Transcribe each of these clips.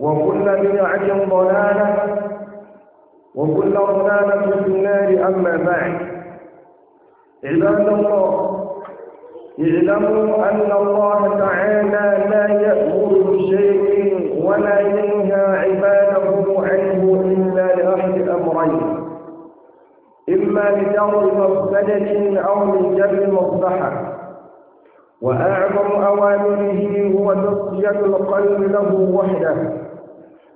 وكل بدعة ضلالة وكل ضلالة في النار أما بعد عباد الله اعلموا أن الله تعالى لا يأمر بشيء ولا ينهى عباده عنه إلا لأحد أمرين إما لدور مفسدة أو لجر مصلحة وأعظم أوامره هو تصفية القلب له وحده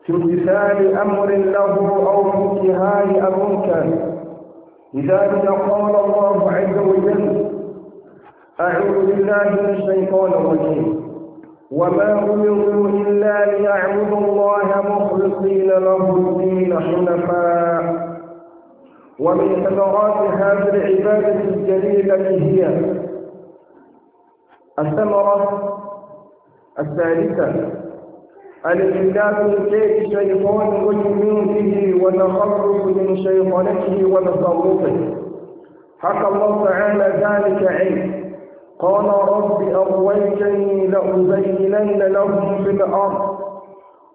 في امتثال أمر له أو انتهاء أمر كان لذلك قال الله عز وجل أعوذ بالله من الشيطان الرجيم وما أمروا إلا ليعبدوا الله مخلصين له الدين حنفاء ومن ثمرات هذه العبادة الجليلة هي الثمرة الثالثة الإمداد من كيد شيطان الرجل به وتخرج من شيطانته وتصرفه حكى الله تعالى ذلك عنه قال رب أغويتني لأزينن لهم في الأرض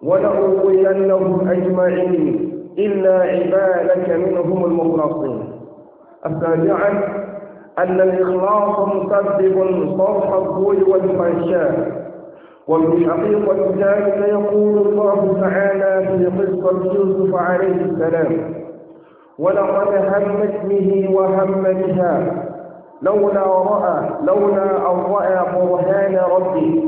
ولأغوينهم أجمعين إلا عبادك منهم المخلصين السابعة أن الإخلاص مسبب صرف الظل والفحشاء وفي حقيقة ذلك يقول الله تعالى في قصة يوسف عليه السلام ولقد همت به وهم بها لولا رأى لولا أن رأى برهان ربه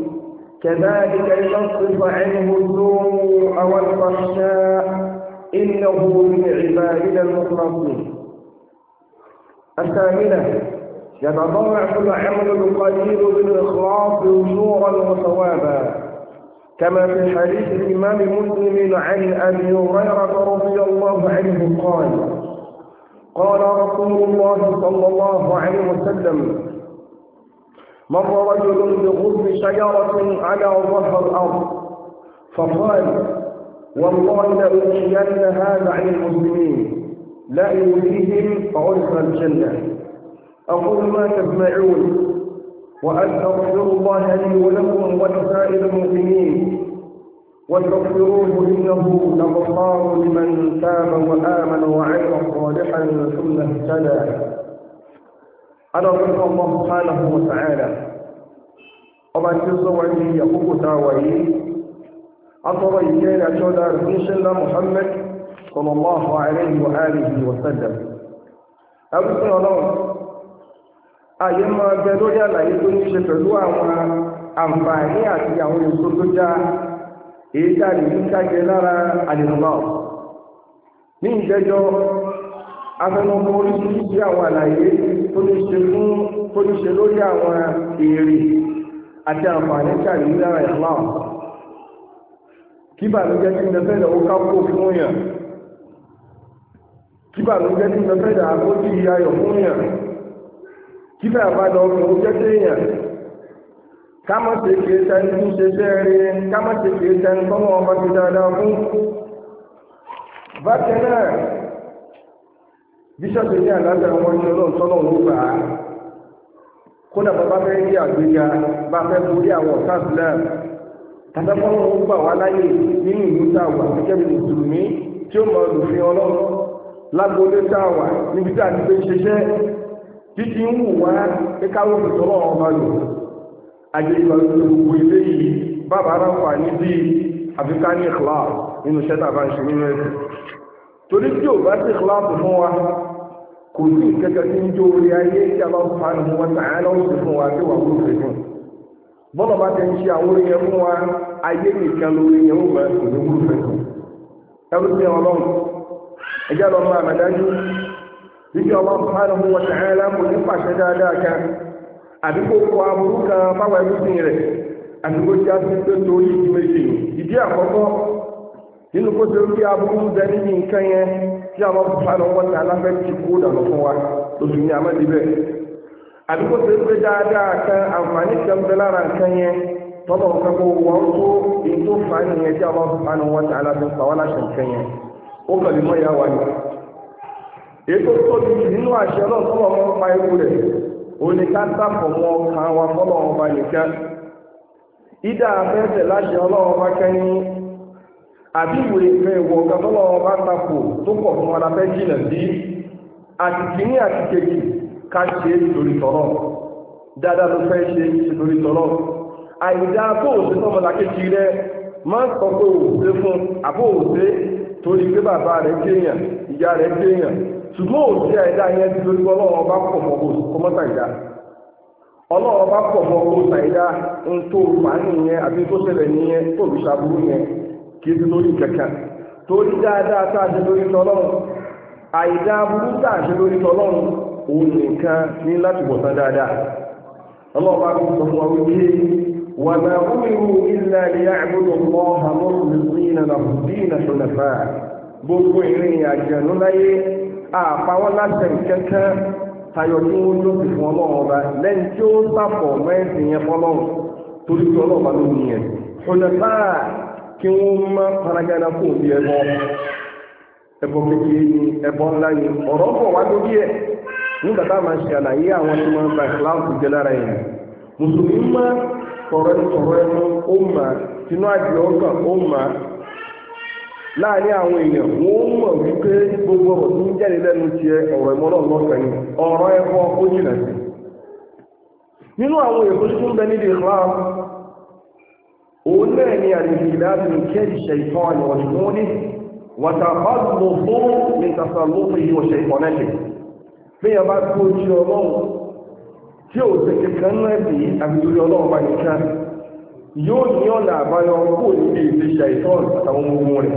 كذلك لنصرف عنه السوء أو الفحشاء إنه من عبادنا المخلصين الثامنة يتضرع محمد القليل بالإخلاص وجوعا وثوابا كما في حديث الإمام مسلم عن أبي هريرة رضي الله عنه قال قال رسول الله صلى الله عليه وسلم مر رجل بغصن شجرة على ظهر الأرض فقال والله لأوحين هذا عن المسلمين لا يؤذيهم فعرف الجنة أقول ما تسمعون وأستغفر الله لي ولكم ولسائر المؤمنين واستغفروه إنه لغفار لمن تاب وآمن وعمل صالحا ثم اهتدى أنا رحم الله سبحانه وتعالى ọba tí يقوم sọ́wọ́ ní àkókòta wáyé رسول الله محمد صلى الله عليه وآله وسلم أبو سنة الله ààyè máa bẹ lórí àlàyé tó ní ṣe pẹ̀lú àwọn àǹfààní àti àwọn èso tó já èyí tá a lè fi kájẹ lára àlèmọ́ ní ìjẹjọ́ afẹnukọ oríṣiríṣi àwọn àlàyé tó ní ṣe fún tó ní ṣe lórí àwọn èrè àti àǹfààní tá a lè fi lára ìlà kí bàlújẹ́ tí ń bẹ fẹ́ lọ́wọ́ ká fún yàn kí bàlújẹ́ tí ń bẹ fẹ́ lọ́wọ́ kó fún yàn kí bẹ́ẹ̀ bá lọ fún oúnjẹ téèyàn kámọ́ ṣe kìí sẹ́ni tó ṣe sẹ́ẹ̀rí kámọ́ ṣe kìí sẹ́ni tọ́mọ ọba ti dáadáa fún. bákan náà bíṣọ́ọ̀bù ní àlàáfíà wọn ní ọlọ́run tọ́nà òun gbà á kódà bàbá fẹ́ rí àgbéga bá fẹ́ borí àwọn ọ̀tá islam tàbẹ́fọ́n òun gbà wá láyè nínú ìlú táwà gẹ́gẹ́ bí mùsùlùmí tí ó mọ olùfin ọlọ́run lágbo ilé táwà níbi tá à ń gbé ṣiṣẹ́ títí ń wù wá kíkáwó ìtọ́lọ̀ ọmọ lò àjẹ́gbà gbogbo ilé yìí bàbá ara fà ní bí àfikà ní ìkìláàbù nínú ṣẹ́ta bá ń ṣe nínú ẹ̀sìn torí tí ò bá sí ìkìláàbù fún wa kò sí ìkẹ́kẹ́ tí ń jó orí ayé tí a bá fà ní wọn tàn án lọ́wọ́ fún wa tí wà wúlò fẹ́ fún bọ́lá bá ti ń ṣe àwọn orí yẹn fún wa ayé nìkan lórí yẹn ó bá sì ní wúlò fẹ́ fún ẹrú sí ọlọ́run ẹjẹ́ lọ́mọ àmàdájú níbi ọlọ́run subhanahu wa ta'ala kò ní pàṣẹ dáadáa kan àbí kò kọ aburú kan báwa ẹgbẹ́ rẹ̀ àbí kò já sí pé torí méjì ìdí àkọ́kọ́ nínú kó tó rí aburú bẹ níbi nǹkan yẹn tí ọlọ́run subhanahu wa ta'ala fẹ́ ti kó dànù fún wa lóṣù ní amẹ́lí dáadáa àǹfààní lára nǹkan yẹn kó wọ́n ètò tóbi jù nínú àṣẹ náà tó lọ́wọ́ pa ewu rẹ̀ òní ká sápọ̀ mọ́ ọkàn wa fọ́lọ́ ọba nìkan ìdá afẹ́fẹ́ láṣẹ ọlọ́wọ́ bá kẹ́ni àbí ìwé ìfẹ́ ìwọ̀ ọ̀gá fọ́lọ́wọ́ bá tapò tó pọ̀ fún ara fẹ́ jìnà sí ká ṣe dáadáa ló fẹ́ ṣe àìdá tó rẹ máa ṣùgbọ́n òjì àìdá yẹn ti lórí ọlọ́wọ́ bá pọ̀ mọ́ kó kọ́mọ́tà ìdá ọlọ́wọ́ bá pọ̀ mọ́ sàìdá ń tó nìyẹn àbí tó ṣẹlẹ̀ nìyẹn tó fi ṣàbúrú yẹn ti lórí kankan torí dáadáa tá a ṣe lórí àìdá burú tá a ṣe lórí òun nìkan ní láti bọ̀ dáadáa ọlọ́wọ́ bá a láṣẹ ìkẹ́kẹ́ tayọ tí wọ́n ló ti fún ọlọ́run ọba lẹ́yìn tí ó sàpọ̀ mẹ́sìn yẹn fọlọ́run torí tí ọlọ́run ọba ló ní yẹn ọ̀nàfà kí wọ́n má paragana kó bí ẹbọ ẹbọ kékeré ni ẹbọ ńlá ni ọ̀rọ̀ wá lórí ẹ̀ a máa ṣe àlàyé àwọn tí wọ́n bá lára láàrin àwọn èèyàn wọn ó mọ̀ wípé gbogbo ọ̀rọ̀ tó ń jáde lẹ́nu tiẹ̀ ọ̀rọ̀ ẹ̀mọ́ náà lọ́sẹ̀ ni ọ̀rọ̀ ẹ̀kọ́ ó jìnà sí nínú àwọn èèyàn tó tún bẹ nídìí Islam òun náà ni àdìsí láti ní kẹ́ẹ̀dì ṣẹ̀tọ́ àni ọ̀ṣun ní wàtàkọ́lù fún bí yẹn bá tó àtàwọn ọmọ rẹ̀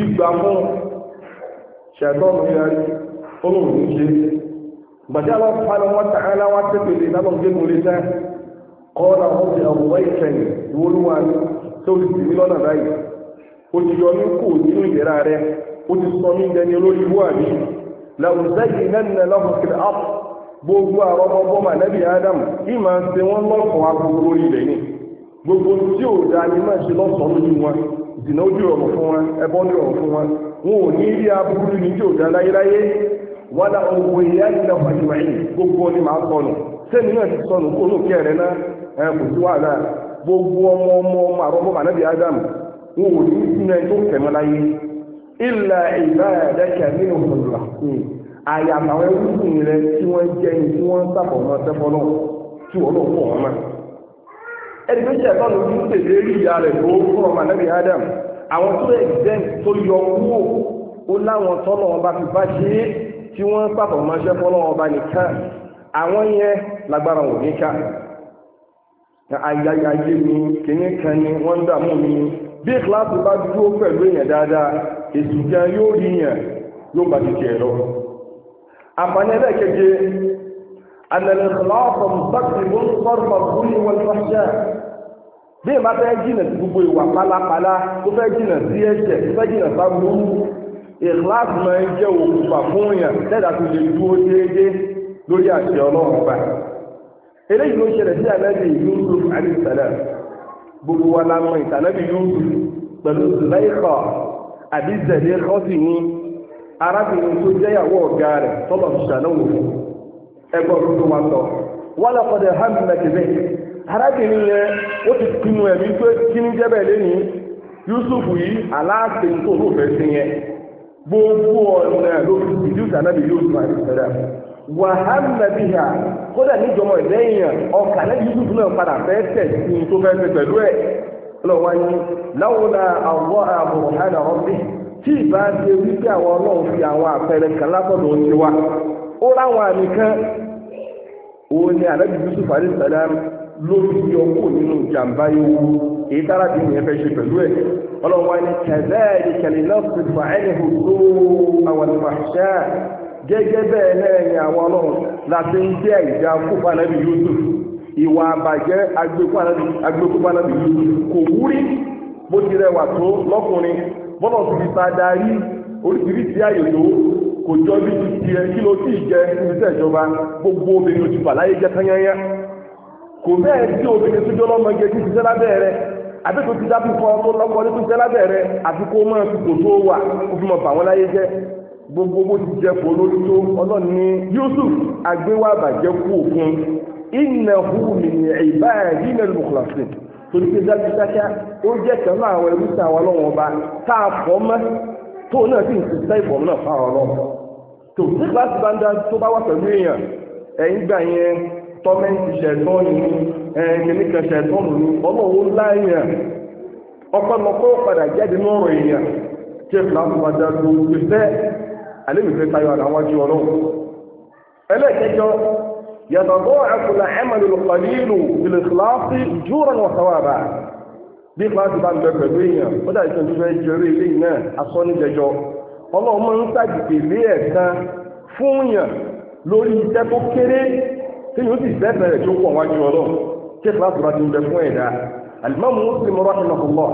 gbígbà fún ṣẹ̀tọ́nù yẹrí olóòrùn ní ṣe gbàjá lọ fara wọn tààlà wá tẹ́pẹ̀lẹ̀ lábọ̀n gé múlé tẹ́ kọ́ọ̀lá ọ̀dẹ̀ ọ̀wọ́ ìfẹ̀yìn ìwolúwa ní tó ti tì mí lọ́nà báyìí ó ti yọ ní kò nínú ìdẹ̀ra rẹ ó gbogbo Adam ìmọ̀ ṣe wọ́n lọ́kùn agbogbo orí ilẹ̀ ni gbogbo tí ò dáa ni máa ṣe lọ́sọ̀ọ́ lójú wọn ìdìnà ojú ọ̀rọ̀ fún wọn ẹbọ́n ní ọ̀rọ̀ fún wọn wọn ò ní rí aburú ní tí ò dá láyéláyé wọn dá owó ìyá ìlà fàjìmọ̀ yìí gbogbo ni màá sọnù sẹ́ni náà ti sọnù kó ló kí ẹ̀rẹ́ náà ẹ kò sí wàhálà gbogbo ọmọ ọmọ ọmọ àrọ́mọ́ mànábì Adam wọn ò ní sínú ẹni tó kẹ̀mọ́ láyé ìlà ìlà ẹ̀dẹ́kẹ̀ nínú ọ̀dọ̀là àyàfàwọn ẹrú ẹni pé ṣẹ̀tọ́ ló ń tèlé rí ìyá rẹ̀ tó fún ọmọ anábì Adam àwọn tó exempt tó yọ kúrò ó láwọn tọ́nà ọba fi bá ṣe é tí wọ́n pàtàkì máa ṣẹ́ fọ́nà ọba nìkan àwọn yẹn lágbára wò níkà ayayayé mi kìíní kan ni wọ́n ń dààmú mi bí ìkíláàsì bá dúró pẹ̀lú èèyàn dáadáa èsì gan yóò rí yàn yóò bá ti jẹ lọ àǹfààní ẹlẹ́ẹ̀keje أن الإخلاص مستقبل صرف الكل والفحشاء bí ìbá fẹ́ jìnà sí gbogbo ìwà pálapàla tó fẹ́ jìnà sí ẹ̀ṣẹ̀ tó fẹ́ jìnà sábúrú ìkíláàsì máa ń jẹ́ òkùnfà fún èèyàn lẹ́dàá tó lè dúró déédé lórí àṣẹ ọlọ́run ọba eléyìí ló ṣẹlẹ̀ sí ànábì Yusuf alayhisalam gbogbo wa la mọ ìtànábì Yusuf pẹ̀lú zulaikha àbí zẹ̀lẹ́ kọ́sì ní arábìnrin tó jẹ́yàwó ọ̀gá rẹ̀ tọ́lọ̀ ṣàlọ́wọ̀ fún ẹgbọ́n tuntun wa sọ wọ́n lọ kọ́dẹ̀ hàn mi mẹ́kẹ́bẹ́ arábìnrin yẹn ó ti pinnu ẹ̀mí pé kíní jẹ́ bẹ́ẹ̀ lẹ́ni Yusuf yìí aláàfin tó ló fẹ́ sí yẹn gbogbo ọ̀nà ló fi àti bí kódà ìlẹ́yìn ọkà lẹ́yìn Yusuf náà padà fẹ́ tẹ̀ sí tó fẹ́ fẹ́ pẹ̀lú ẹ̀ lọ́wọ́ ụra ráwọn àmì onye òun ni àlẹ́bí Yusuf alayisalaam lórí ọkọ̀ nínú jàǹbá ewu èyí tára bí mi ẹ̀fẹ́ ṣe pẹ̀lú ẹ̀ ọlọ́run wa ni kẹ̀lẹ́ẹ̀dì ti fà ẹ̀nìhù tó àwọn ìfàṣà gẹ́gẹ́ bẹ́ẹ̀ náà ni àwọn ọlọ́run láti ń jẹ́ ìjà kópa àlẹ́bí Yusuf ìwà àbàjẹ́ agbẹ́kópa àlẹ́bí Yusuf kò wúrí bó ti rẹwà tó lọ́kùnrin bọ́lọ̀ kò jọ bí ti tiẹ̀ kí ló sì jẹ níbi tẹ́ ìjọba gbogbo obìnrin ojú bà láyé jẹ kányányá kò bẹ́ẹ̀ tí obìnrin tó jọ lọ́mọge ti ti sẹ́lá bẹ́ẹ̀ rẹ àbí tó ti dábì fún ọkọ lọ́kọ ní tó sẹ́lá bẹ́ẹ̀ rẹ àti kó máa fi kò tó wà kó fi mọ̀ bà wọ́n láyé jẹ gbogbo bó ti jẹ kó lórí tó ọlọ́ni Yusuf agbéwà bàjẹ́ kú òkun innahu min ibadina al-mukhlasin torí pé dájúdájá ó jẹ́ kẹ́lú àwọn ẹrú sí àwọn ọlọ́wọ́n ọba tá a fọ́ mọ́ tóun náà sì ń sèta ìfọ̀mù náà fáwọn ọlọ́wọ́ tó tí kíláàsì bá ń dá tó bá wà pẹ̀lú èèyàn ẹ̀yìn gbà yẹn tọ́mẹ́ǹtì ṣẹ̀tọ́ ni ẹ̀ẹ́nìmí kan ṣẹ̀tọ́ ni ọmọ òun láàyàn ọpọlọpọ padà jáde lọ́rọ̀ èèyàn tí ẹ fìlà fún padà tó ti fẹ́ alẹ́mìfẹ́ tayọ àwọn ju ọlọ́run ẹlẹ́ẹ̀kẹjọ yàtọ̀gbọ́ àkùlà ẹ̀mọ̀lẹ̀ lọ́pàdínù ìlẹ̀ kìláàsì ìjúra wọn sáwàrà bí kìláàsì bá ń bẹ pẹ̀lú èèyàn ó dà ọlọ́run máa ń ṣàgbègbè lé ẹ̀san fún yàn lórí iṣẹ́ tó kéré tí yóò sì sẹ́sẹ̀ rẹ̀ tó pọ̀ wájú ọlọ́run kí ìfúrásù bá ti ń bẹ fún ẹ̀dá alimami muslim rahimahullah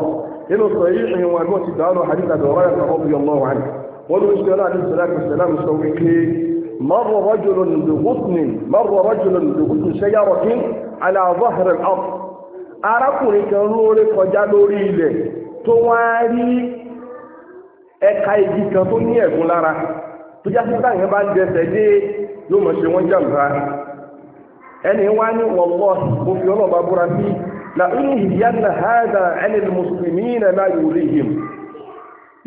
nínú sọ yìí ìrìn wọn ẹgbọn ti dáhùn hadith àti ọ̀rọ̀ ẹ̀sán ọ̀bí ọmọ wa wọn ló ń ṣe ọlọ́run àti sọláàtì sọláàmù sọ wípé mọ́rọ̀ rọ́jòló nìdò húsùnìn mọ́rọ̀ rọ́jòló nìdò húsùn ṣẹ́yàrọ̀ kí aláàbọ̀hẹ̀rẹ̀ ọ̀f arákùnrin kan lóore kọjá lórí ilẹ̀ tó wá rí ẹka igi kan tó ní ẹ̀gún lára tó já sí báyìí bá ń jẹsẹ̀ dé yóò mọ̀ ṣe wọ́n jàǹbá ẹni wá ní wọ̀lọ́ mo ọlọ́ba búra sí la ìhìyànà hádà ẹni mùsùlùmí náà láyò rí yìí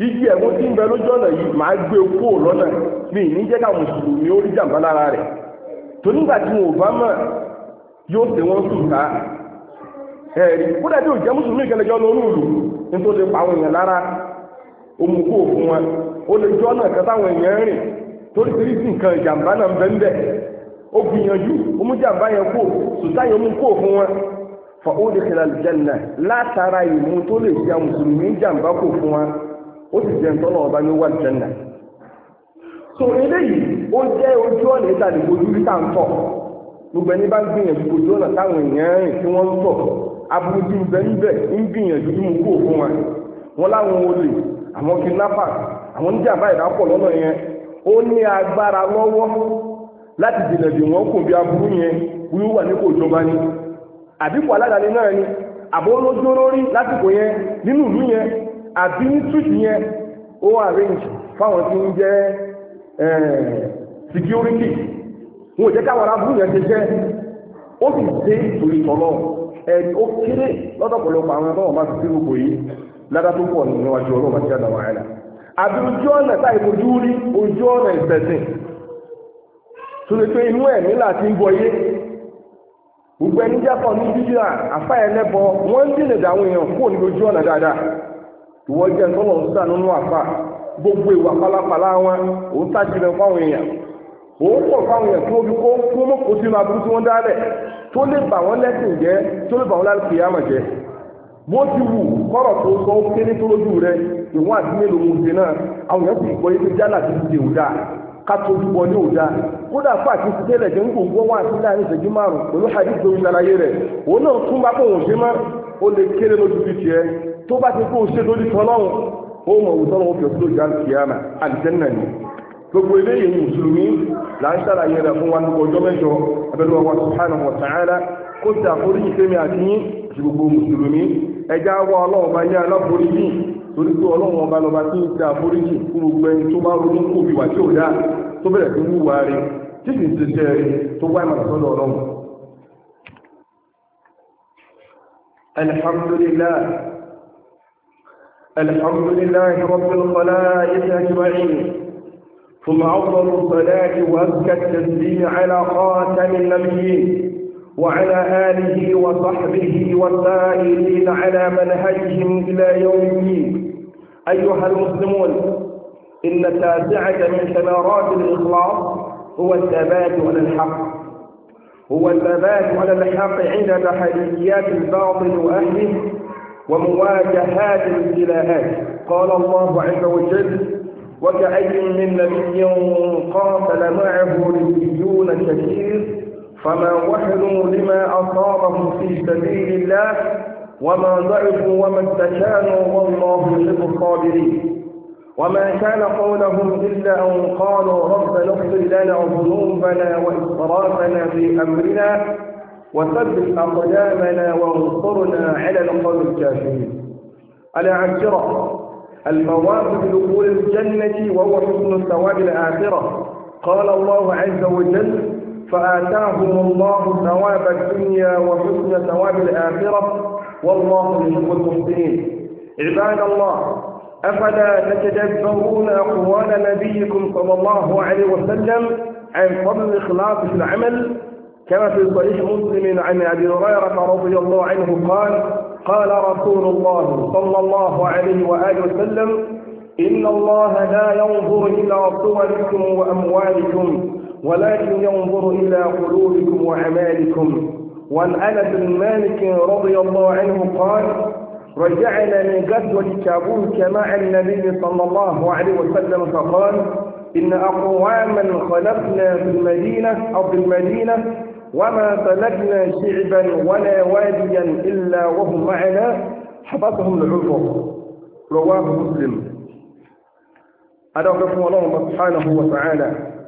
igi ẹ̀gún tí ń bẹ lójú ọ̀nà yìí máa gbé kó lọ́nà mi ní mùsùlùmí ó rí jàǹbá lára rẹ̀ tó nígbà tí wọn ò bá mọ̀ yóò ṣe wọ́n sùn ká ẹ̀rí nítorí èèyàn lára òmù kó fún wa ó lè jọ ọ̀nà kan táwọn èèyàn rìn torí torí sí nǹkan ìjàmbá náà bẹ́ẹ̀ bẹ́ẹ̀ ó gbìyànjú ó mú jàmbá yẹn kó sùtáyọ̀ mú kó fún wa fa ó lè kẹlẹ́ àlùjánnà látara ìmú tó lè jẹ mùsùlùmí jàmbá kó fún wa ó sì jẹ ntọ́nà ọba ní wà àlùjánnà so eléyìí ó jẹ́ ojú ọ̀nà ìtàlẹ̀ ojú rí tá à ń tọ̀ gbogbo ẹni bá ń gbìyànjú ojú ọ̀nà táwọn èèyàn rìn tí wọ́n ń tọ̀ aburú àwọn kidnappers àwọn oníjàmbá ìdápọ̀ lọ́nà yẹn ó ní agbára lọ́wọ́ láti dènà dè wọ́n kò bí aburú yẹn wíwà ní kò jọba ni àbíkò aládàáni náà ni àbó lójó lórí lásìkò yẹn nínú ìlú yẹn àbí ní túùtù yẹn ó fáwọn tí ń jẹ́ eh, wọn ò jẹ́ káwọn aburú yẹn jẹ́ ó sì ẹni ó kéré lọ́dọ̀pọ̀lọpọ̀ àwọn lára tó pọ̀ nínú iwájú ọlọ́run àti àdàwà àìlà àbí ojú ọ̀nà táì rí ojú ọ̀nà ìsẹ̀sìn tó lè pé inú ẹ̀mí láti ń gbọ́yé gbogbo ẹni jápọ̀ ní bíbí àfá wọ́n ń dìnnà èèyàn kúrò ní ojú ọ̀nà dáadáa jẹ́ tọ́lọ̀ ń sà nínú àfá gbogbo ìwà wọn òun sájìnà fáwọn èèyàn òun pọ̀ fáwọn èèyàn tó fi kó kó tí wọ́n dálẹ̀ tó lè bà wọ́n lẹ́sìn jẹ́ tó lè bà wọ́n jẹ́ bó ti kọrọ kọ́rọ̀ tó sọ ó kéré tó lójú rẹ ìwọ̀n àti mélòó mo ṣe náà àwọn èèyàn sì gbọ́ yé pé jálà ti bọ ní òdà kódà fún àti ti tẹ́lẹ̀ jẹ́ ń kò gbọ́ wá sí láàrin ìṣẹ́jú márùn-ún pẹ̀lú hadith tó ń ṣàlàyé rẹ̀ òun náà tún bá bóun ṣe mọ́ ó lè kéré lójú ti tiẹ̀ tó bá ti kó ṣe lórí tọ́lọ́run ó mọ̀ òun sí gbogbo mùsùlùmí ẹja wá ọlọ́run bá ní aláforíjì torí pé ọlọ́run ọba lọ́ba tí ń ta àforíjì fún gbogbo ẹni tó bá ronú kó fi wà tí ò dá tó bẹ̀rẹ̀ sí wúwa rẹ tí kì í ṣe jẹ́ rẹ tó wá ìmọ̀ràn sọ́dọ̀ ọlọ́run. ثم أفضل الصلاة وأزكى التسليم على خاتم النبيين وعلى آله وصحبه والسائلين على منهجهم إلى يوم الدين أيها المسلمون إن تاسعة من ثمرات الإخلاص هو الثبات على الحق هو الثبات على الحق عند تحديات الباطل وأهله ومواجهات الابتلاءات قال الله عز وجل وكأي من نبي قاتل معه ربيون كثير فما وحنوا لما أصابهم في سبيل الله وما ضعفوا وما استكانوا والله يحب الصابرين وما كان قولهم إلا أن قالوا ربنا اغفر لنا ذنوبنا وإسرافنا في أمرنا وثبت أقدامنا وانصرنا على القوم الكافرين العاشرة المواقف دخول الجنة وهو حسن الثواب الآخرة قال الله عز وجل فآتاهم الله ثواب الدنيا وحسن ثواب الآخرة والله يحب المحسنين عباد الله أفلا تتدبرون أقوال نبيكم صلى الله عليه وسلم عن فضل الإخلاص في العمل كما في صحيح مسلم عن أبي هريرة رضي الله عنه قال قال رسول الله صلى الله عليه وآله وسلم إن الله لا ينظر إلى صوركم وأموالكم ولكن ينظر إلى قلوبكم وأعمالكم وعن أنس بن مالك رضي الله عنه قال رجعنا من غزوة تبوك مع النبي صلى الله عليه وسلم فقال إن أقواما خلقنا في المدينة أو في المدينة وما سلكنا شعبا ولا واديا إلا وهم معنا حفظهم العفو رواه مسلم أدعو الله سبحانه وتعالى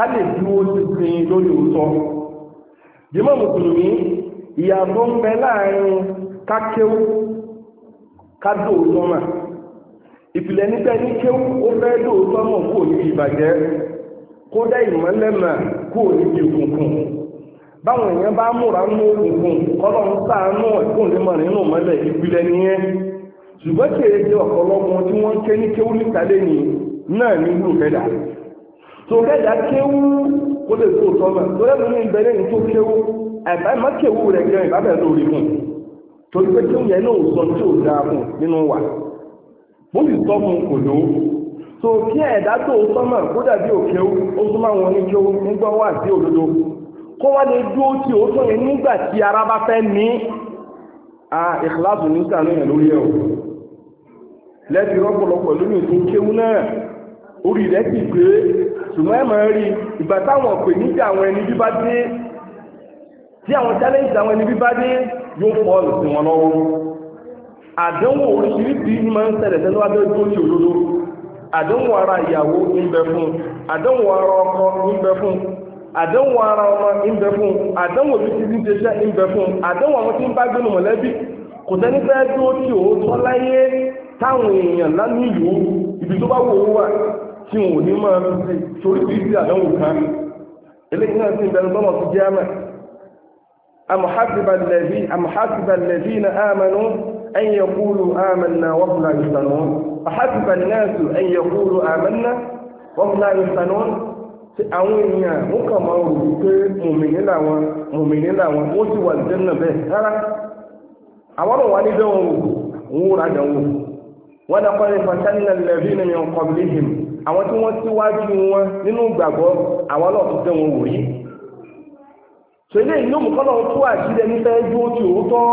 ká lè dúró sísin lórí òótọ́ jẹ́mọ́ mùsùlùmí ìyàtọ̀ ń bẹ láàrin kákéwú kádò òótọ́ mà ìpìlẹ̀ nípa ní kéwú ó fẹ́ dòótọ́ mọ̀ kó ní ìbàjẹ́ kódà ìmọ̀lẹ́mà kó ní ìkùnkùn báwọn èèyàn bá múra mú òkùnkùn kọ́lọ́ ń sáánú ẹ̀kún lè mọ̀ nínú mọ́lẹ̀ ìpìlẹ̀ nìyẹn ṣùgbọ́n jẹ́ ọ̀pọ̀lọpọ̀ tí wọ́n ń ké ní kéwú níta náà ní tó kẹ́yà kéwú ó lè tó tọ́mọ̀ tó lẹ́nu ní ìbẹ̀rẹ̀ ní tó kéwú ẹ̀bá má kéwú rẹ̀ gan ìbábẹ̀ lórí fún torí pé kéwú yẹn náà sọ tí o dáa fún nínú wà mo sì sọ fún kò lówó tó kí ẹ̀dá tó tọ́mọ̀ kó dàbí òkéwú ó tún máa wọn ní kéwú nígbà wà sí òdodo kó wá lè dúró tí ó tún yẹn nígbà tí ara bá fẹ́ ní a ìkìláàbù ní sàánú yẹn lórí ẹ̀ o lẹ́bi rọ́pọ̀lọpọ̀ lónìí tó kéwú náà orí rẹ̀ sì pé ṣùgbọ́n ẹ máa rí ìgbà táwọn òpè níjà àwọn ẹni bí bá dé tí àwọn challenge àwọn ẹni bí bá dé yóò fọ́ ọ̀nà sí wọn lọ́wọ́ àdánwò oríṣiríṣi ní máa ń ṣẹlẹ̀ tẹ́lẹ̀ wá bẹ́ẹ̀ tó ní òdodo àdánwò ara ìyàwó ń bẹ fún àdánwò ara ọkọ ń bẹ fún àdánwò ara ọmọ ń bẹ fún àdánwò bí ti ń ṣeṣẹ́ ń bẹ fún àdánwò àwọn tí ń bá gbénu mọ̀lẹ́bí kò sẹ́ni fẹ́ tó tí òótọ́ láyé táwọn èèyàn lánìí ìlú tó bá wò ó wà tí wọn ò ní máa ń ṣe torí bí bí àdánwò kan ní eléyìí náà sì ń bẹ̀rù lọ́nà tó jẹ́ lẹ́bí na àmànú أن يقولوا آمنا وهم لا يفتنون أحسب الناس أن يقولوا آمنا وهم لا يفتنون àwọn èèyàn wọ́n kàn máa rò wípé mòmìnì làwọn mòmìnì làwọn wọ́n sì wà lẹ́nu wọ́n dákọ́ ní fatanilẹ̀ lẹ́bí ni mi ń kọ́ bí hìm àwọn tí wọ́n síwájú wọn nínú ìgbàgbọ́ àwọn ọlọ́run tẹ́ wọn wòye ṣẹlẹ̀ ìlú mùkọ́lọ̀ tó àṣírí ẹni fẹ́ dúró tí òótọ́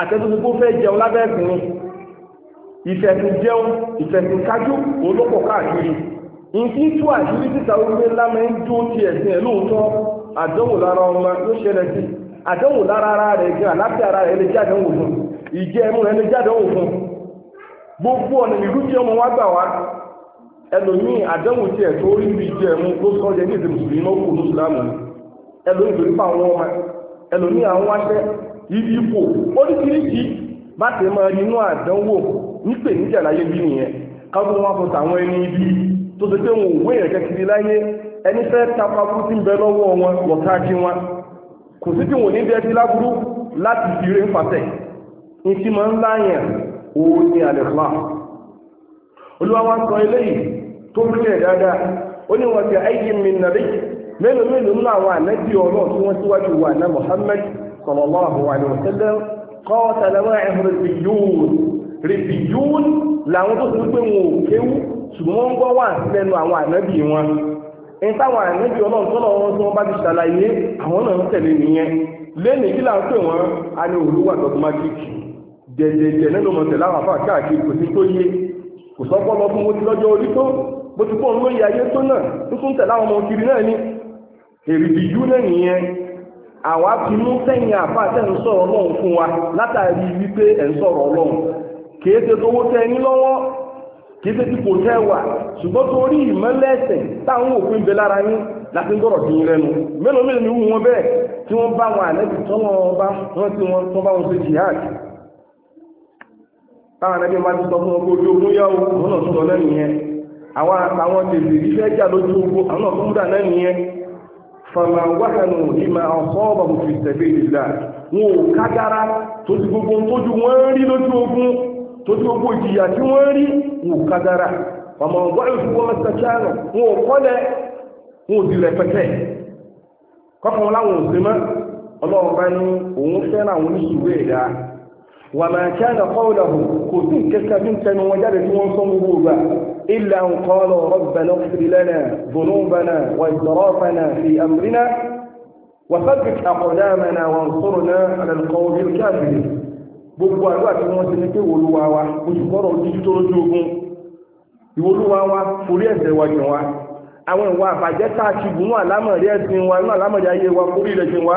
àtẹ́tùtù fẹ́ jẹun lábẹ́ẹ̀kùn ìfẹ̀sùn jẹun ìfẹ̀sùn kájú olópọ̀ káàkiri ìfí tú àṣírí títà orílẹ̀ lámẹ́ ń dúró ti ẹ̀sìn ẹ̀ lóòótọ́ àdánwò lára ọmọ ló ṣẹlẹ̀ sí àdánwò lára ara rẹ̀ gan àláfíà ara rẹ̀ lè jẹ́ àdánwò fún ìjẹ́ ẹmú rẹ̀ lè jẹ́ àdánwò fún gbogbo ọ̀nà ìrújẹ́ ọmọ wá gbà wá ẹlòmíì àdánwò tí ẹ̀ tó rí bí jẹ́ ẹ̀mú ló sọ jẹ́ ní èdè mùsùlùmí náà ní àwọn ọmọ àwọn aṣẹ ibi ipò oríṣiríṣi bá ti mọ inú àdánwò nípè níjà láyé bí nìyẹn káwọn wọn fọ tàwọn ẹni ibi tó ṣe pé wọn ò wé ẹ̀kẹ́ kiri láyé ẹni fẹ́ ń bẹ lọ́wọ́ wọn wọn kò sí tí wọn ní bẹ́ẹ̀ olúwa wá sọ eléyìí tó ń kílẹ̀ dáadáa ó ní wọn ti ayé mi nàbí mélòó mélòó ńlá àwọn ànábì ọlọ́ọ̀ tí wọ́n síwájú wà ná Muhammad sallallahu alaihi wasallam qatala ma'ahu ribbiyun ribbiyun làwọn tó ti pé wọn ò kéwú ṣùgbọ́n wọ́n gbọ́ wà lẹ́nu àwọn ànábì wọn ní táwọn ànábì ọlọ́ọ̀ tó lọ́wọ́ tí wọ́n bá ti ṣàlàyé àwọn náà ń tẹ̀lé nìyẹn lẹ́nìí kí là pè wọ́n a ní olúwa dogmatic jẹjẹjẹ nínú mọ̀tẹ̀láwà fà káàkiri kò sí tó yé kò sọ́pọ̀ lọ fún mo ti lọ́jọ́ orí tó mo ti pọ̀ ń lóye ayé tó náà tó tún tẹ̀lé àwọn ọmọ kiri náà ni èrìdì yú náà nìyẹn àwa ti mú sẹ́yìn àfa tẹ̀ ń sọ̀rọ̀ ọlọ́run fún wa látàrí wípé ẹ̀ ń sọ̀rọ̀ ọlọ́run kìí ṣe tówó tẹ ní lọ́wọ́ kìí ṣe ipò tẹ wà ṣùgbọ́n torí ìmọ̀lẹ́sẹ̀ táwọn òfin bẹ lára yín láti ń gbọ́rọ̀ sí yín lẹ́nu mélòó mélòó ni wù wọn bẹ́ẹ̀ tí wọ́n bá wọn àlẹ́ táwọn anábì máa ti sọ fún ọgbọ́n ojú ogun yá o àwọn náà sọ náà nìyẹn àwọn àtàwọn tètè jà lójú ogun àwọn náà tún náà nìyẹn fàmà wákàtí ìmọ̀ ọ̀sọ́ ọ̀bà kò fi wọn ò tó gbogbo tójú wọn rí lójú ogun tójú ogun ìjìyà tí wọn rí wọn ò ìfowó wọn ò wọn ò وما كان قوله كثير كثير كان وجدت وانصمه إلا أن قالوا ربنا اغفر لنا ذنوبنا وإسرافنا في أمرنا وثبت أقدامنا وانصرنا على القوم الكافرين gbogbo àdúrà tí wọ́n ti ní pé olúwa wa ojúkọ́rọ̀ ojú tó lójú ogun ìwolúwa wa forí ẹ̀ṣẹ̀ wa jìn àwọn ìwà àbàjẹ́ tá a ti ẹ̀sìn wa ní àlámọ̀rí ayé wa forí ilẹ̀ wa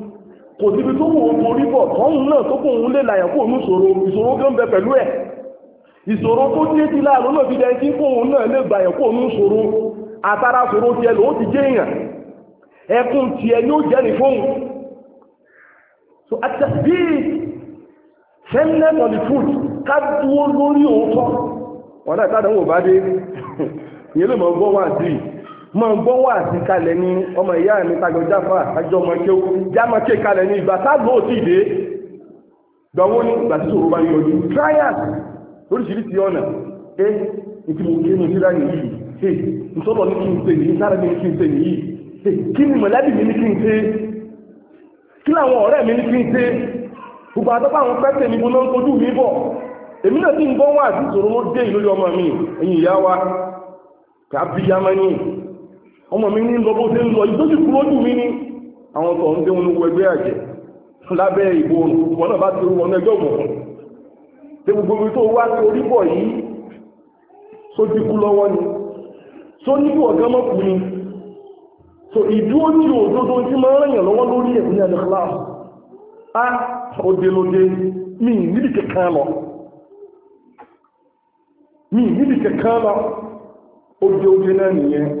kò síbi tó wò ó orí bọ̀ tọ́hún náà tó kóhun lè làyàn kó òun ìṣòro ìṣòro tó ń bẹ pẹ̀lú ẹ̀ ìṣòro tó dé ti láàrú náà fi dẹ́yìn tí kóhun náà lè gbà yàn kó òun ìṣòro àtàrà ṣòro tiẹ̀ lòó ti jẹ́ èèyàn ẹkùn tiẹ̀ yóò jẹ́ ní fóun so àtẹ̀bí fẹ́lẹ́ on the foot ká dúró lórí òótọ́ wọn náà ìtàdánwò bá dé ìyẹn lè mọ̀ gbọ́ wà dìí mọ gbọ́ wà sí kalẹ̀ ní ọmọ ìyá mi tàjọ jáfà àjọ ọmọ ike jámọ́ ké kalẹ̀ ní ìgbà tágbó òtí ìdè gbọ́wọ́ ní ìgbà tí òwúrọ̀ bá yọjú trials oríṣiríṣi ọ̀nà ẹ ìtì mo ké ní ìlera nìyí ẹ ìtọ́lọ̀ ní kí n pè nìyí sára mi ní kí n ni mọ̀lẹ́bí mi ní ọmọ mi ní lọ bó ṣe ń lọ ìtọ́jú kúrò jù mí ní àwọn tó ń dé wọn wọ ẹgbẹ́ àjẹ́ lábẹ́ ìbò òrùn wọn náà bá ti rú wọn ẹgbẹ́ òkùnkùn tí gbogbo ibi tó wá sí orí bọ̀ yìí só ti kú lọ́wọ́ ni só ní bí ọ̀gá mọ́kù ni so ìdúró tí òdodo tí máa ń ràn lọ́wọ́ lórí ẹ̀kún ní àdìkọ́lá a òde lóde mi níbi kankan lọ mi níbi kankan lọ òde òde náà nìyẹn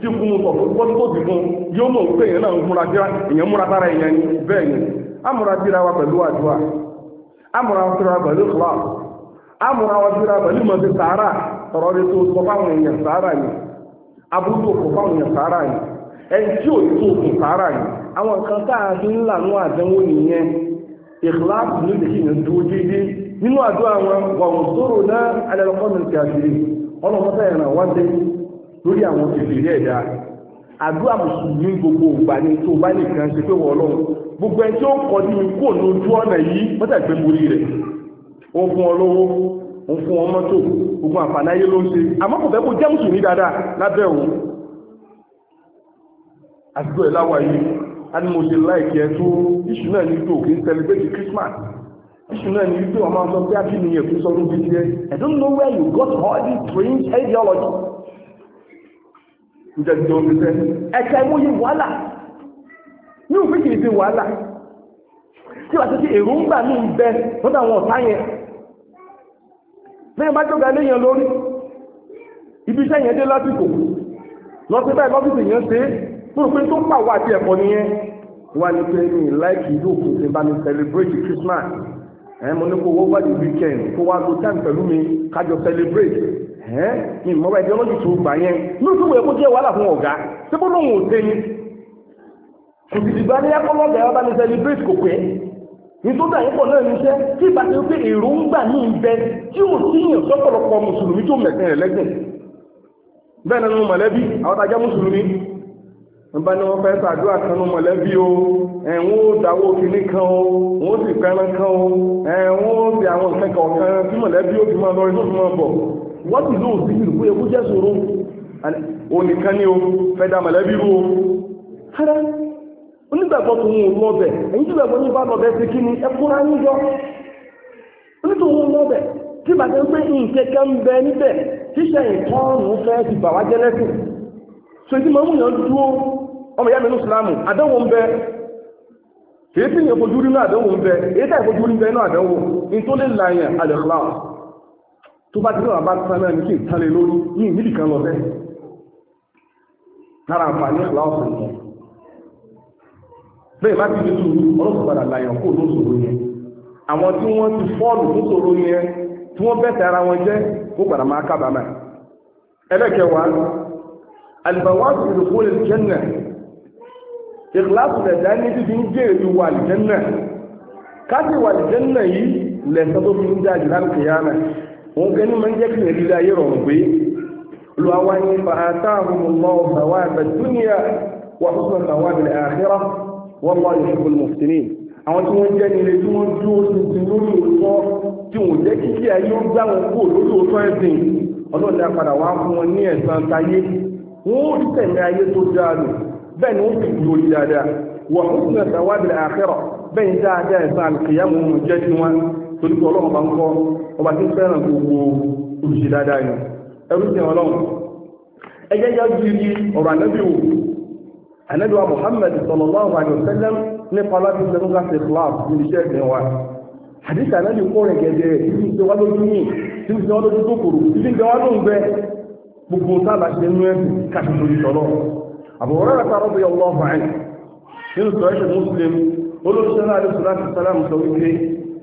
tí fún un sọ̀tún wọ́n tó ti yóò mọ̀ pé náà ń múra múra dára ni bẹ́ẹ̀ ni amúra wa pẹ̀lú àdúrà amúra pẹ̀lú kọ́lá amúra wa pẹ̀lú mọ̀tí sàárà sọ̀rọ̀ tó sọ fáwọn èèyàn sàárà abúlé òkú fáwọn èèyàn sàárà ẹni tí ò tó òkú sàárà àwọn tá a lórí àwọn ìbèrè ẹ̀dá àdúrà mùsùlùmí gbogbo ìgbà ni tó bá nìkan ṣe pé wọ́n ọlọ́run gbogbo ẹni tí ó kọ ní kò ní ọ̀nà yìí wọ́n gbé borí rẹ̀ ó fún ọ lọ́wọ́ ó fún ọ mọ́tò gbogbo àǹfààní ló ń ṣe àmọ́ kò fẹ́ kó jẹ́ mùsùlùmí dáadáa lábẹ́ òun àdúgbò ẹ̀ láwà yìí a ní mo ṣe láìkí tó iṣu náà ní ìjọ òkè ń celebrate Christmas iṣu náà ní ìjọ àwọn ọmọ sọ pé a kì í nìyẹn fún sọdún bíi tiẹ̀ I don't know where you got all this strange ideology ìjọ ti tó fífẹ́ ẹ̀ka ìmúyẹ wàhálà ní òfin kìí fi wàhálà tí wàá ti èròǹgbà ní ìbẹ lọ́dọ̀ àwọn ọ̀tá yẹn lẹ́yìn bá jọ́gà léyìn lórí ibi iṣẹ́ yẹn dé lásìkò lọ sí báyìí lọ́fíìsì yẹn ṣe púrùpín tó pàwọ́ àti ẹ̀kọ́ nìyẹn wà ní pé ní láìkì yóò kò sí bá mi celebrate Christmas ẹ̀ mo ní kó wọ́n wá di weekend kó wá lo time pẹ̀lú mi kájọ celebrate ẹ́ ní mọ́bà ideology tó gbà yẹn ní oṣù wẹ̀ kó jẹ́ wàhálà fún ọ̀gá tí bó lóun ò dé ni kò sì dìgbà ní ẹkọ lọ́gà ẹ̀ bá ní celebrate kò pẹ́ ní tó dà yín pọ̀ náà níṣẹ́ tí ìgbà tí ó pé èròǹgbà ní ibẹ̀ tí ò sí yàn sọ́pọ̀lọpọ̀ mùsùlùmí tó mẹ̀sìn rẹ̀ lẹ́gbẹ̀ẹ́ bẹ́ẹ̀ nínú mọ̀lẹ́bí àwọn tajá mùsùlùmí nígbà ní wọ́n fẹ́ sàdúrà kan ní mọ̀lẹ́bí o ẹ̀wọ́n ó dáwọ́ kìíní kan o wọ́n sì fẹ́ràn kan o ẹ̀wọ́n ó sì àwọn nǹkan kọ̀ọ̀kan tí mọ̀lẹ́bí ó fi máa lọ inú fi máa bọ̀ wọ́n ti lóò sí ìlú pé ẹkú jẹ́ ṣòro onìkan ní o fẹ́dà mọ̀lẹ́bí rú o rárá onígbàgbọ́ tó ń lọ́bẹ̀ ẹ̀yìn tí gbàgbọ́ ní bá lọ́bẹ̀ sí kí ni ẹkúnra ní jọ onítòun lọ́bẹ̀ tí bàtẹ́ pé nkẹ́kẹ́ ń bẹ níbẹ̀ tíṣẹ́ ìtọ́ọ̀nù fẹ́ ti bà wá jẹ́lẹ́sìn so ìdí mọ̀mú yàn dúró ọmọ ìyá mẹ́nu sùlámù àdánwò ń bẹ èyí tí ìyẹn fojú rí náà àdánwò ń bẹ èyí tí àìfojú rí ń bẹ náà àdánwò ní tó lè láyàn al-ikhlas tó bá ti lọ́wọ́ bá tán náà ní kí ìtàlẹ̀ lórí ní ìmìlì kan lọ bẹ́ẹ̀ lára àǹfààní aláwọ̀sán yẹn bẹ́ẹ̀ bá ti di sùúrù ọlọ́sùn padà làyàn kó ló sọ̀rọ̀ yẹn àwọn tí wọ́n ti fọ́ọ̀lù tó sọ̀rọ̀ yẹn tí wọ́n bẹ̀tẹ̀ ara wọn jẹ́ kó padà máa lè kó lè jẹ́nà ìkìláàsì fi ń jẹ́ èdè ń jáde láti òun kẹ́ni máa ń jẹ́ kí ìrìn ayé rọrùn pé olùwà wa ní fa atahumullahu thawaba dunya wa husna thawabi al-akhirah wallahu yuhibbul muhsinin àwọn tí wọ́n jẹ́ nílé tí wọ́n dúró tuntun lórí òótọ́ tí wọ́n jẹ́ kí kí ayé ó gbá wọn kú lórí òótọ́ ẹ̀sìn ọlọ́ọ̀dẹ apàdà wá fún wọn ní ẹ̀san táyé wọ́n ó rí tẹ̀mí ayé tó dáa lò bẹ́ẹ̀ ni wọ́n fi lórí dáadáa wa husna thawabi al-akhirah bẹ́ẹ̀ ni dáadáa ẹ̀san àlùkìyàmù jẹ́ tiwọn torí pé ọlọ́run bá ń kọ́ ọba tí ń fẹ́ràn gbogbo olùṣe dáadáa yìí ẹrú sí ọlọ́run ẹjẹ́ yá ju ibi ọ̀rọ̀ ànábì wò ànábì wa Muhammad sallallahu alaihi wasallam nípa láti ṣe tó gáṣe class níbi iṣẹ́ ìgbìn wa àdìsí ànábì kó rẹ̀ gẹ̀gẹ̀ títí ṣe wá lójú yìí títí ṣe wá lójú kòkòrò títí ṣe wá lóhùn bẹ gbogbo sáàlà sálàmù sọ wípé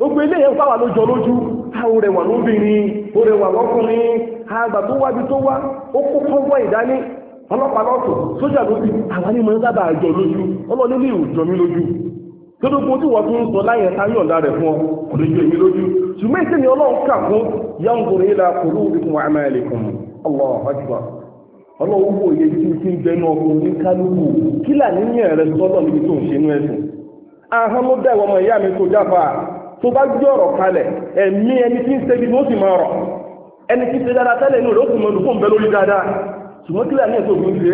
gbogbo ilé yẹn fáwà lójọ lójú àwọn rẹwà lóbìnrin ó rẹwà lọ́kùnrin àgbà tó wábi tó wá ó kó kọ́wọ́ ìdání ọlọ́pàá lọ́tọ̀ sójà lóbi àwọn ní mọ̀ sábà jọ lójú ní ìjọ mi lójú gbogbo tí wọ́n tún sọ fún ọ kò lè lójú ṣùgbọ́n ìṣẹ́ni ọlọ́run kà fún ilà wa ọlọ́run wò tó bá gbé ọ̀rọ̀ kalẹ̀ ẹ̀mí ẹni tí ń ṣe bí ó sì máa rọ̀ ẹni tí ń ṣe dáadáa tẹ́lẹ̀ inú rẹ̀ ó sì máa dùkú ń bẹ lórí dáadáa ṣùgbọ́n kílẹ̀ ní ètò òfin ṣe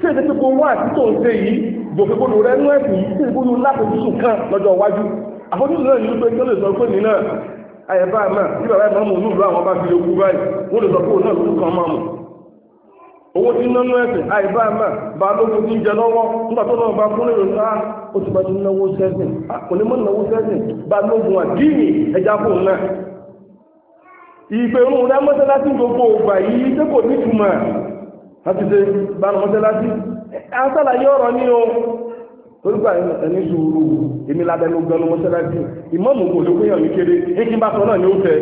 ṣé èdè pípọ̀ wá àti tó ń ṣe yìí gbòkègbodò rẹ̀ nú ẹ̀sìn yìí ṣé ìgbóyún láfojúsùn kan lọ́jọ́ iwájú àfojúsùn náà ní wípé kí ó lè sọ pé mi náà àyẹ̀bá àmà tí bàbá ìmọ̀ mú nílùú owó tí nínú ẹ̀sìn àìbá àmà bá lókun tí ń jẹ lọ́wọ́ nígbà tó lọ́wọ́ bá fún lè rìn náà ó ti bá ti náwó sẹ́sìn kò ní mọ́ náwó sẹ́sìn bá lókun àdínì ẹja fún un náà ìpè òun rẹ mọ́sálásí gbogbo ògbà yìí tí kò ní túmọ̀ láti ṣe bá mọ́sálásí asálàyé ọ̀rọ̀ ní o torípa ẹni sùúrù èmi lábẹ́nu gbẹnu mọ́sálásí ìmọ̀mù kò ló péyàn ní kéré èkí bá sọ náà ní ó fẹ́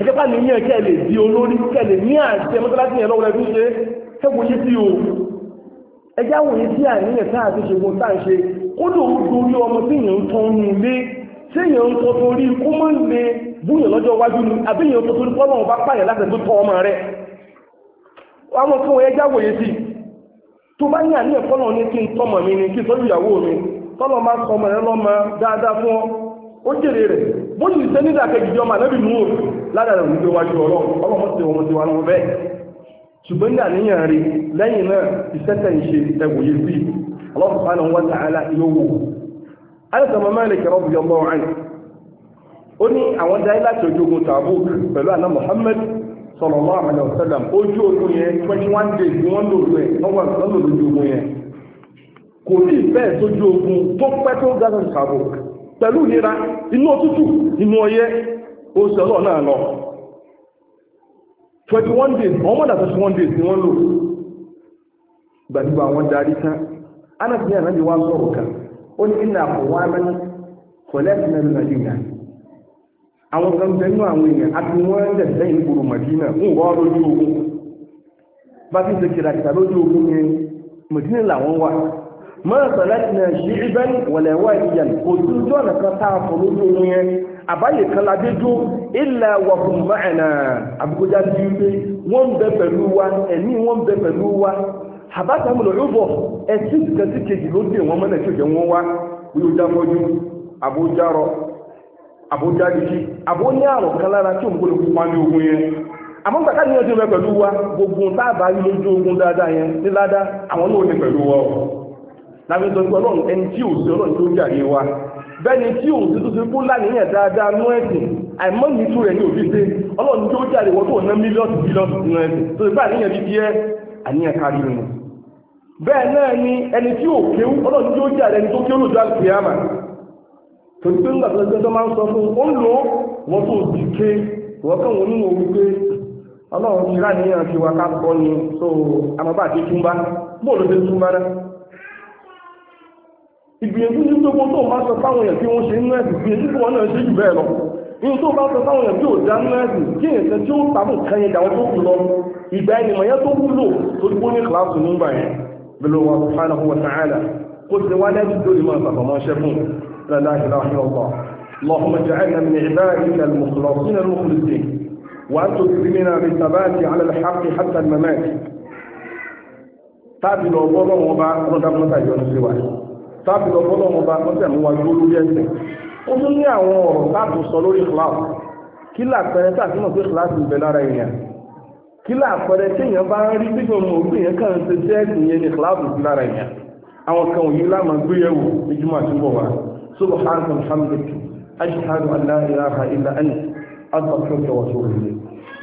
ẹjẹ́ bá ní yẹn kẹ́ lè di olórí kẹ́ lè ní àṣẹ mọ́sálásí yẹn lọ́wọ́ rẹ fi ṣe tẹ́gbọ́n yí sí o ẹjá wòye sí àníyàn sáà tó ṣe gbọ́n sáà ṣe ó lò ó dorí ọmọ tí èèyàn ń tán nù lé tí èèyàn ń tọ́ torí kó mọ́ ń lè búyàn lọ́jọ́ iwájú ni àbí èèyàn tó torí pọ́lọ́ ọba pààyàn láti tó tọ́ ọmọ rẹ̀ àwọn tí wọ́n ẹjá wòye sí tó bá ní àníyàn pọ́lọ́ ní kí n tọ́mọ̀ mi ni kí n tọ́jú ìyàwó mi tọ́lọ́ máa sọ ọmọ rẹ lọ́mọ dáadáa fún ọ ó jèrè rẹ̀ bó sì ṣe nídàkejì ọmọ àlẹ́bì nù ṣùgbọ́n ní àníyàn rí lẹ́yìn náà ìṣẹ́tẹ̀ ìṣe ẹwòye sí Allah subhanahu wa ta'ala yóò wò alẹ́sọ̀mọ́ Malik radiyallahu anhu ó ní àwọn dáyé láti ojú ogun Tabuk pẹ̀lú àná Muhammad sallallahu alaihi wasallam 21 days ni wọ́n lòlú ẹ̀ wọ́n wà lọ́nà lójú ogun yẹn kò ní twenty one days wọ́n mọ̀dà twenty one days ni wọ́n lò gbàdúgbà wọn darí tán anáfi ní ànábi wá sọ̀rọ̀ kan ó ní iná àkọ́wá mẹ́ni kọ̀lẹ́tì náà nínú àdínà àwọn kan bẹ nínú àwọn èèyàn àti wọn ń dẹ̀ sẹ́yìn gbòòrò màdínà ń wọ́ lójú ogun bá ti ṣe kìràkìtà lójú ogun ni màdínà làwọn wà mọ́ra sọ̀lẹ́tì náà ṣe ibẹ́ wọ̀lẹ̀wọ̀ ìyàn kò tún jọ́nà kan tá a fọ̀ lójú ogun yẹn àbáyé kan ládéjú ilẹ̀ wọ̀kùn mẹ́ẹ̀nà àbúkójá ti wípé wọ́n bẹ pẹ̀lú wa ẹ̀mí wọ́n bẹ pẹ̀lú wa àbáta mọ̀ lọ́rọ̀ ẹ̀sìn kan sí kejì ló dé wọn mọ́lẹ̀ kéjọ wọn wá yóò já mọ́jú àbójárọ àbójáríṣi àbó ní àrùn kan lára tí òun kò lè pupa ní ogun yẹn àmọ́ gbàtà ní ọdún rẹ pẹ̀lú wa gbogbo táàbà yìí lójú ogun dáadáa yẹn ní ládá àwọn náà ní pẹ̀lú wa lábẹ́ sọ pé ọlọ́run ẹni tí ò sí ọlọ́run tó ń jàre wa bẹ́ẹ̀ni tí ò sí tó ti kó láníyàn dáadáa nú ẹ̀sìn àìmọ́ ní tú rẹ̀ ní òbí ṣe ọlọ́run tó jàre wọ́n tó ná mílíọ̀nù mílíọ̀nù nú ẹ̀sìn tó ti gbà níyàn bí díẹ̀ àníyàn kárí nù. bẹ́ẹ̀ náà ni ẹni tí ò kéwú ọlọ́run tó jàre ẹni tó kéwú lójú àgbè àmà torí pé ńgbà tó tó máa ń sọ fún ó ń lò wọ́n tó ti ké wọ́n kàn wọ́n nínú wípé ọlọ́run ti rá níyàn fi wa ká kọ́ ni ìgbìyànjú ní pé wọ́n tó bá sọ táwọn èèyàn tí wọ́n ṣe nínú ẹ̀sìn ìgbìyànjú tí wọ́n náà ṣe jù bẹ́ẹ̀ lọ inú tó bá sọ táwọn èèyàn tí ò dá nínú ẹ̀sìn kí nǹkan tí ó tàbí nǹkan yẹn dàwọn tó kù lọ ìgbà ẹnìmọ̀ yẹn tó wúlò tó dúró ní kìláàsì nígbà yẹn bẹ̀rẹ̀ wa subhanahu wa ta'ala kó ti wá lẹ́sìn tó lè máa sàfọmọ́ṣẹ́ fún la ilaha illallah tábí lọ bọ́lọ̀ wọn bá lọ́sẹ̀ mú wa dúró lórí ẹ̀sẹ̀ ó tún ní àwọn ọ̀rọ̀ láti sọ lórí ìkìláàsì kí làpẹrẹ tàbí mọ̀ pé ìkìláàsì ń bẹ lára èèyàn kí làpẹrẹ tí èèyàn bá ń rí pípọ̀ mọ̀ pé èèyàn kàn ń ṣe sẹ́ẹ̀sì yẹn ní ìkìláàsì sí lára èèyàn àwọn kan òyìn láàmà gbé yẹ̀wò ní àti bọ̀ wá subhanaka alhamdulilayi ashhadu an la ilaha